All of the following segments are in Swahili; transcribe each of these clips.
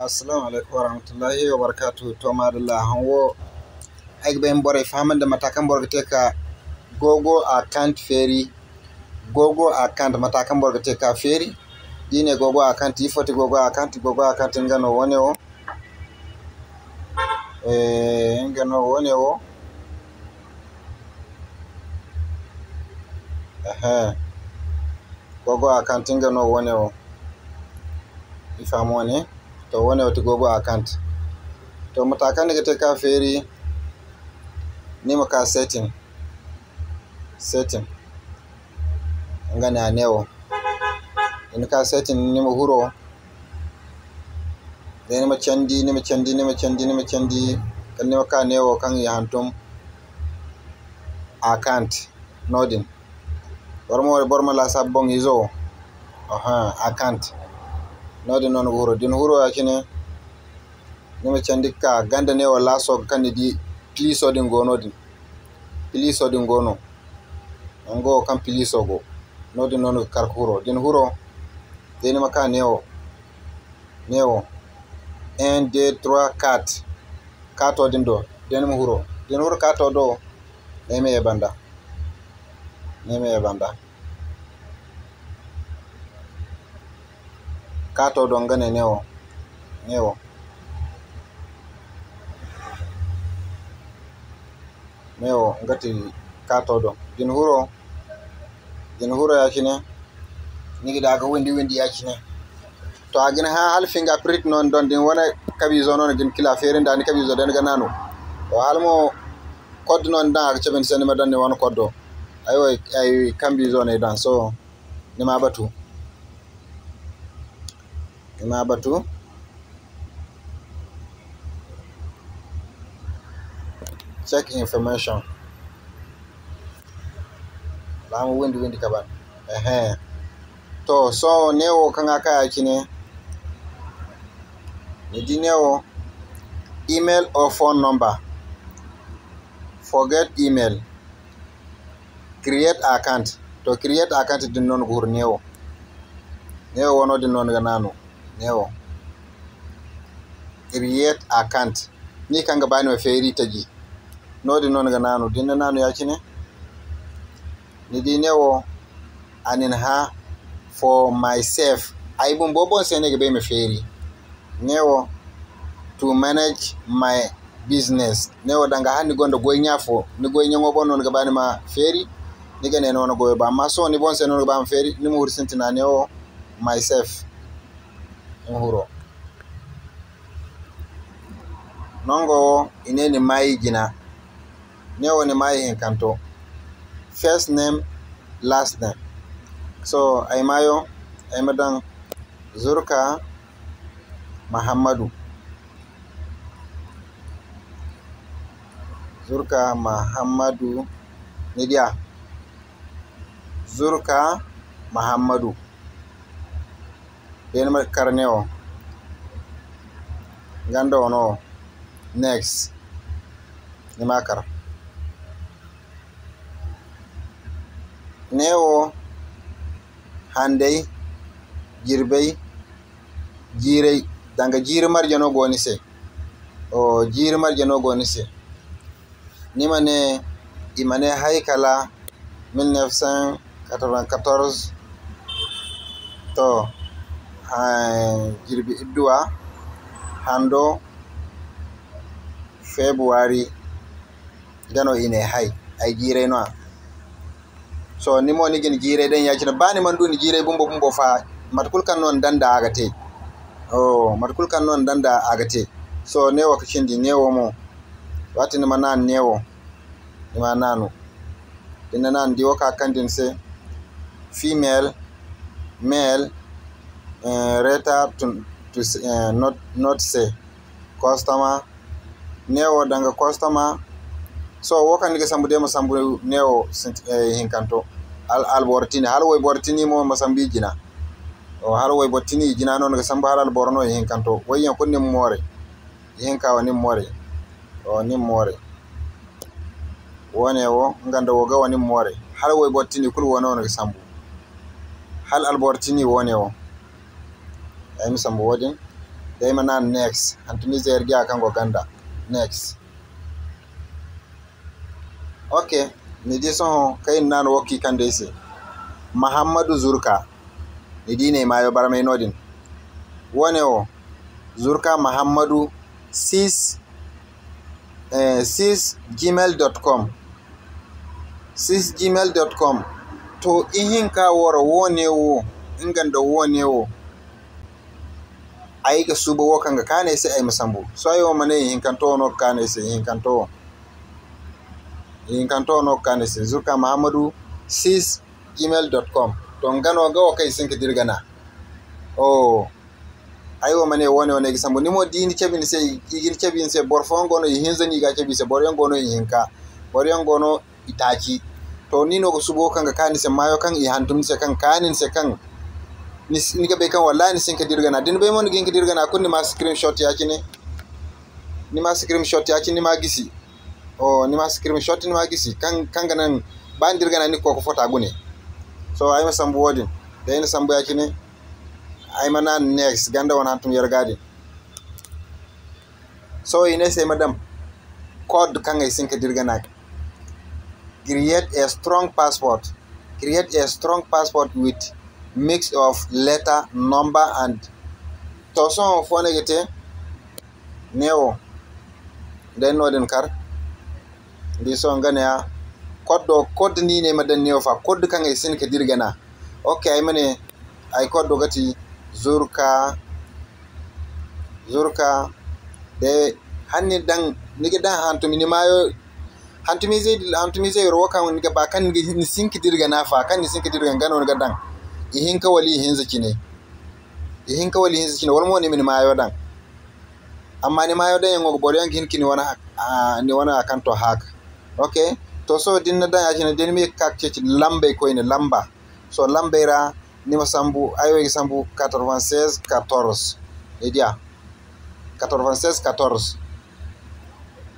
assalamu alaikum warahmatullahi wabarakatu to madalla hanwo ayga bayin boray famande matakan borga te ka gogo a kant feri gogo a kant matakan borga te ka feri ɗine gogo a kant yifoti gogo a kant gogo a kant ngano wone o e ngano wone o ehe gogo a kant ngano wone o ifamone towone wani tigo bo account to matakan kan daga ka feri ni maka setting setting ngana anewo in ka setting ni ma huro da ni ma candi ni ma candi ni ma candi ni ma candi kan ni maka newo kan ya hantum account nodin bar bormo la sabbon izo aha account noode noon wuro din wuro hakkine nima candi ka ganda ne o laso kandi di pliso din gono din pliso din gono ango kam pliso go noode noon kar wuro din wuro de nima ka ne o ne o 1 2 3 4 kato din do den wuro din wuro kato do neme e banda neme e banda Kato dongane newo newo newo ngati don din huro din huro yakine nigiɗaga windi windi kine to agin ha finga prit non ɗon ɗin wona kabiso noon gin kila feere dani kabi ɗen ga ganano to halmo kod non da aga chaben sene madan ne wona koddo ayo ay kambi ne dan so nima batu ima batu check information. Lamu windi windi kaban. Ehe. To so newo kanga kaya kine. Nidi newo email or phone number. Forget email. Create account. To create account din non gur newo. Newo wono din non ganano newo create akant ni kanga bani wa feri taji nodi non ga nanu dinna nanu yakine ni di newo anin ha for myself ai bun bobon sai ga bai me feri newo to manage my business newo danga hani gondo goy fo ni goynya ngobon non ga bani ma feri ni ga ne non goyo ba maso so ni bon sai non ga ban feri ni mu hursintina newo myself nongo wo ine ni mayi jina ne wo ni mayi hinkanto first name last name so aimayo aimadan zurka mahammadu zurka mahammadu nidiya zurka mahammadu genom karneo gandono next nimakara newo handey jirbey jirey danga jiri marje no goni se o jiri marje no goni se nimane imane haykala 1994 to Eh, jirbi iddu'a hando february ngano ine hay ay noa so ni mo nigin jire den yacina bani man ni jire bumbo bumbo fa matkul kan non danda agate o oh, matkul kan non danda agate so newo ko cindi newo mo wati nima nan newo ni mananu ɗina nan ndiwo ka kandin se female male uh, eh, reta to, to uh, not not say customer newo daga customer so wo kandi ke sambudema sambu newo eh, hinkanto al al bortini hal way bortini mo sambi jina o hal woy bottini jina noon ke sambu al borno hinkanto way ko nim more hinkawa nim more o nim more wone wo nganda wo ga woni more hal way bortini kul wono ke sambu hal al bortini wone wo emisa muwodin daima na next antumize ergia akango ganda next okay ni di soho kayin nan woki kande se mahammadu zurka ni di ne nodin wone o zurka mahammadu sis eh, sis gmail 6 com to ihinka woro wone wo wonewo wone wo ay ga suba wo kanga kane se ayma masambu so ay o mane hinkanto no kane se hinkanto hinkanto no kane se zurka mahamadu sis gmail.com don gano ga o kai sinki dirgana o ay o mane wone wone sambu ni mo dini cebin se igin cebin se no ngono hinzani ga cebi se boryo ngono hinka boryo ngono itaci to ni no ko subo kanga kane se mayo kan i hantum se kan kanin se kan nika be kan wallahi ni sinka dirgana din be mon ginki dirgana kun ni ma screenshot ya kini ni ma screenshot ya kini ma gisi o ni ma screenshot ni ma gisi kan kan ganan ban dirgana ni ko ko fota gune so ay ma sambu wodin da ina sambu ya kini ay ma na next ganda wana tum yargadi so ine say madam code kan ay sinka dirgana create a strong passport create a strong passport with mix of letter, number, and toson fone gete newo den noden kar ndi so ngane ya koddo kodde ni ne madan newo fa kodde kan e sin ke dirgana ok ay mane ay koddo gati zurka zurka de hanni dan nige dan hantumi ni mayo hantumi zey hantumi zey ro kan nige ba kan nige sinki dirgana fa kan ni sinki dirgana ngano nige dan ihin kawali ihin zaki ne ihin kawali ihin zaki ne mo ni min mayo dan amma ni mayo dan yango bor yang kin kini wana ni wana kanto hak okay to so din na dan ajina din mi kakce lambe ko ina lamba so lambera ni masambu ayo sambu 96 14 edia 96 14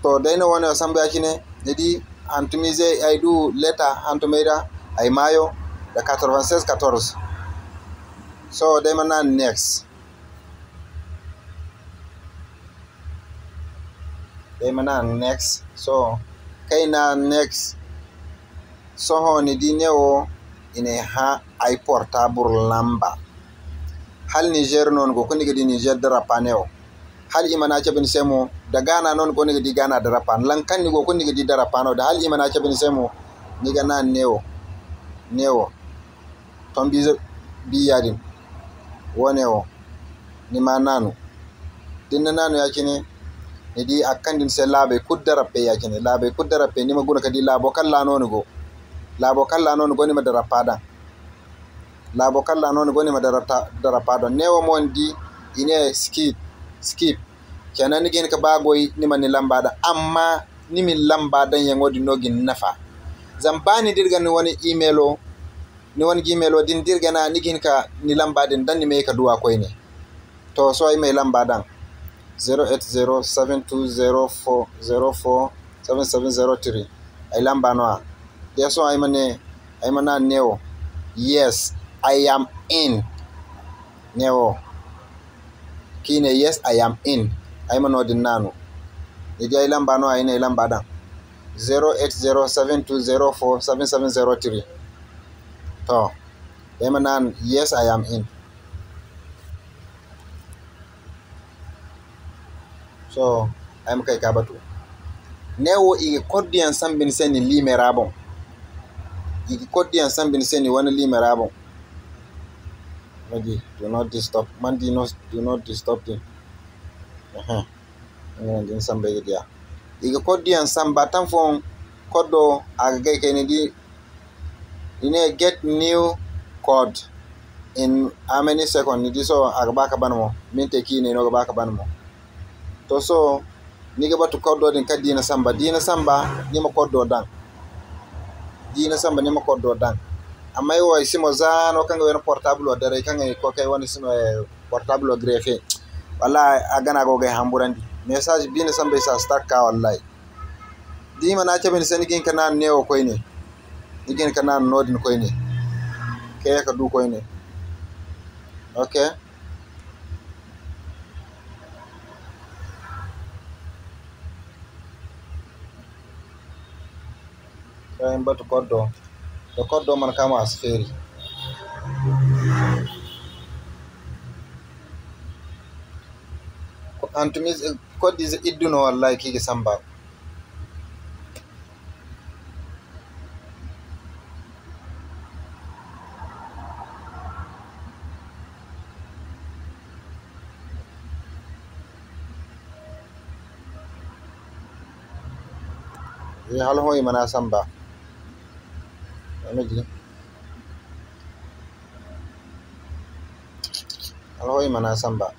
to dayno wana sambu yakine edi antumise ay du leta antumeira ay mayo da 96 14 so are not next are not next so kai na next sohoni di newo ine ha ay portable lamba hal niger go ko koniga di niger dara newo hal imana cabin semo da gana non ko niga di gana darapan ni go ko niga di darapano da hal imana cabin semo niga gana newo newo ton bizo biyadin wone o nima nanu dinna nanu yakini ni di akkandin se laabe kudda rappe yakini laabe kudda rappe nima guna kadi laabo kalla noon go laabo kalla noon go nima darappaɗan laabo kalla noon go nima darappaɗon newo mon di ine skip skip kenan nigin ka bagoy nima ni lambaɗa amma nimin lambaɗan yangodi nogin nafa zambani dirgan woni emailo ni wongi din o dindirgana nigin ka ni lambaɗen dan ni mai ka duwa koyne to so ay mai lamba dan 0807204047703 ay lamba no de so ay mane ay mana neo yes i am in neo kine yes i am in ay mano din nanu ni de ay lamba no ay ne lamba dan 08072047703 to then nan yes i am in so ay mo kay kabatu wo i koddi en sambin seni limerabon i koddi en sambin seni wona limerabon Magi, do not disturb. Man, no do not disturb him. Uh-huh. ngana din sambe dia. iga kodi an samba tan fon koddo aga gay di you need to get new code in how many seconds it is so agba ka banmo min te kine no agba ka banmo to so ni ga batu cord din ka dina samba dina samba ni ma cord dan dina samba ni ma cord dan amma yo isi mo zano kanga wena portable o dare kanga ko kai woni sino e eh, portable o grefe wala agana go ga hamburandi message bina samba isa start ka wallahi dima na ce bin sani kin kana ne o liggen ka nannoodin koyni keya ka du koyni ok kayen batu koddo ɗo koddo man kama as feeri antumis koddi idduno wallahi kiki samba ये हल हो ही मना संभा समझ ली हल हो ही मना संभा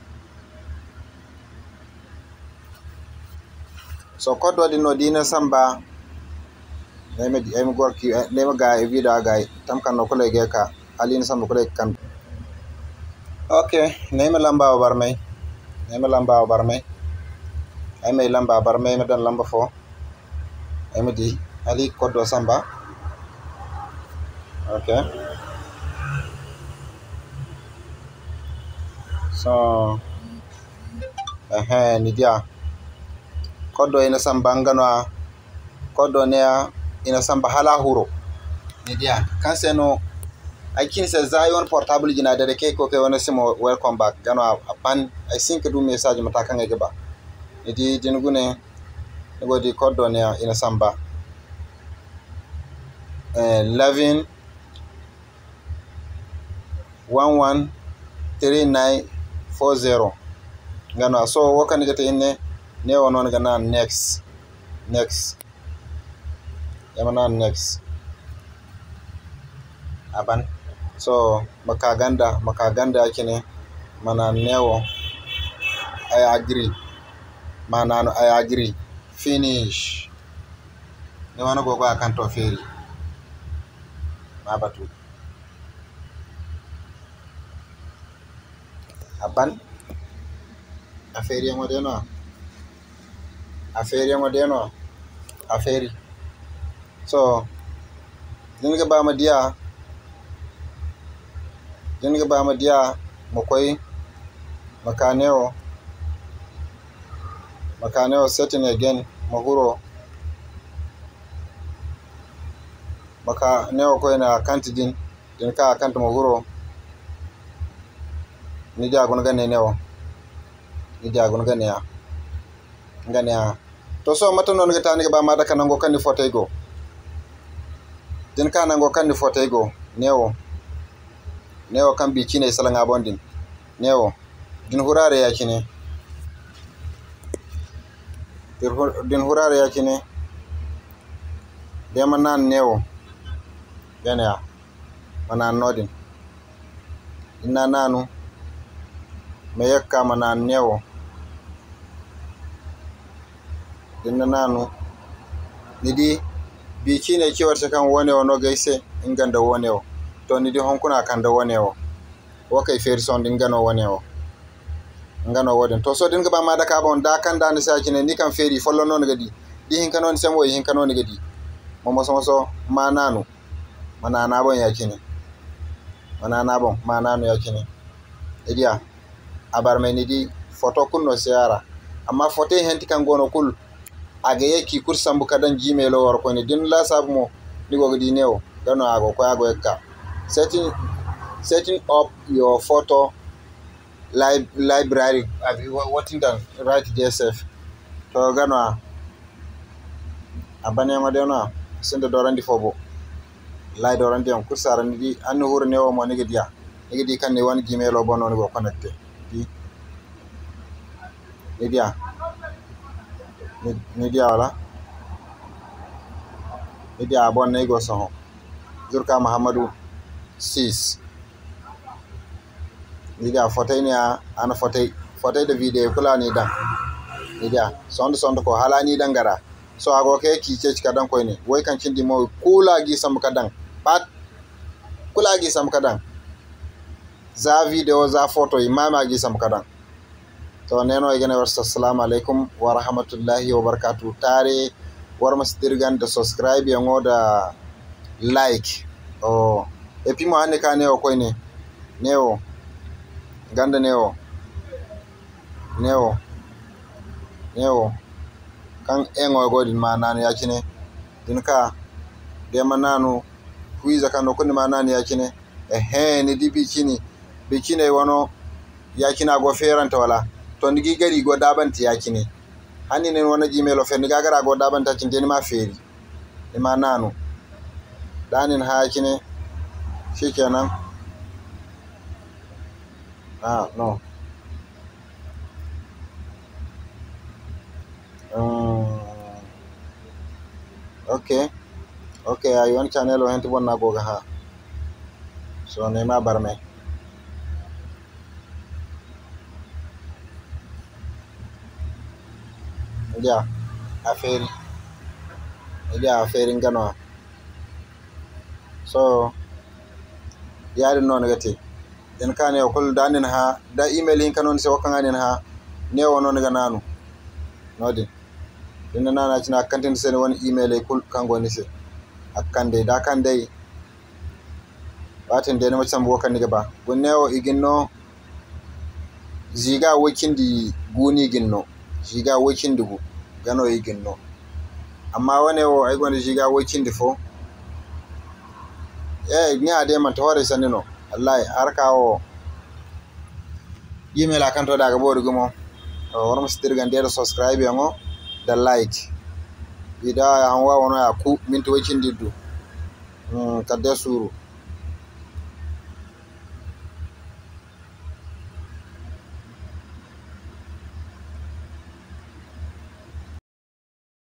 so kodwa dino dina samba neme em gorki neme ga e vida ga tam kan no kole ka alin samba kole kan okay neme lamba o barmay neme lamba o barmay ay may lamba barmay me dan lamba fo MD Ali Kodwa Samba. Okay. So ehe, ni dia samba inasamba nganwa Kodwa ina samba hala huro ni dia kanse no I can say portable jina dare ke ko ke wona simo welcome back ganwa apan I think do message mata kan ga ba nidi di dinugune go di koddoon ina samba eh, lavin one one three nine four zero ngano so wokkaniga inne ne o noon ga naan next next yama naan next aban so makaganda makaganda akine mana newo i agree manano i agree finish ni wano gogo akanto feri ma batu a feri yamo deno a feri yamo deno a feri so jinga bama diya jinga bama dia makwai makaneo makaneo setting again mahuro maka neo ko ina kanti din din ka kanta mahuro ni gun gane wa ni gun gane ya gane ya to so mata non ta ni ba ma da kanango kandi go din ka nango ne fotego ne neo kan bi kine salanga bondin neo din hurare ya kine din hurare yakine dema nan newo ɓeneya mana nodin inna nanu mi yekkama nan newo dinna nanu nidi bikine kiwarta kan wonewo no gayse inganda wonewo to nidi honkuna kanda wonewo wo kay feri son ɗin gano wonewo ngano woden to so den ga ba mada ka bon da kan da ni sa kine ni kan feri follo non gadi di hin kanon sem wo hin kanon gadi mo mo so so ma nanu bon ya kine mana bon ma nanu ya kine idiya abar me ni di foto no siara amma foto hen ti kan gono kul aga ye ki kur sambu kadan gmail wor ko ni din la sab mo ni go gadi neo dano ago ko ago ekka setting setting up your photo lib library abi uh, watindan right jsf to ganwa abanema de no sende dorandi fobo lai dorandi on kursa randi di anno huro ne o mo nigi dia nigi di kanne wani gmail o bono ne bo connecte di ni dia ni dia wala ni dia bon ne go so zurka mahamadu 6 diga fotai ne an fotai fotai da video kula ne dan diga sondo sondo ko halani dan gara so ago ke ki ce ka dan koy ne wai kan cin mo kula gi sam ka dan pat kula gi sam ka dan za video za photo imama gi sam ka dan to ne no gene wa assalamu alaikum wa rahmatullahi wa barakatuh tare war masdirgan da subscribe ya da like o oh. e pimo ka ne o koy ne ne o ganda newo newo newo engo eŋoygo din ma naani yachine din ka dema nanu kuiza kan dokundi ma ya yachine ehe ni di bichini bichine wano ya yachina go feranta wala to ndigi gari go dabanti yachine hani nen wana jimelo fe ndiga gara go dabanta yachine ni ma feri ni ma nanu danin ha yachine nangu. I ah, no know. Ah, um, okay. Okay, a yon channel o henti bon goga ha. So nema barme. Yeah, I feel. Yeah, I feel in Ghana. So, yeah, I don't negative. en kane o kol danen ha da email hin kanon se wakanganen ha ne wono ga nanu nodin inna nana cina kantin ne won email e kul kango ni se akande da kande watin dai ne macam bo kan ni gaba gonne o iginno ziga di guni ginno ziga di gu gano iginno amma wane wo ay gwani ziga di fo eh ni ade man tawari sanino wallahi har kawo yimela kanto daga bori gumo worom sitirga nder subscribe ngo da like bida ya hanwa wono ya ku min to wacin diddu kadde mm, suru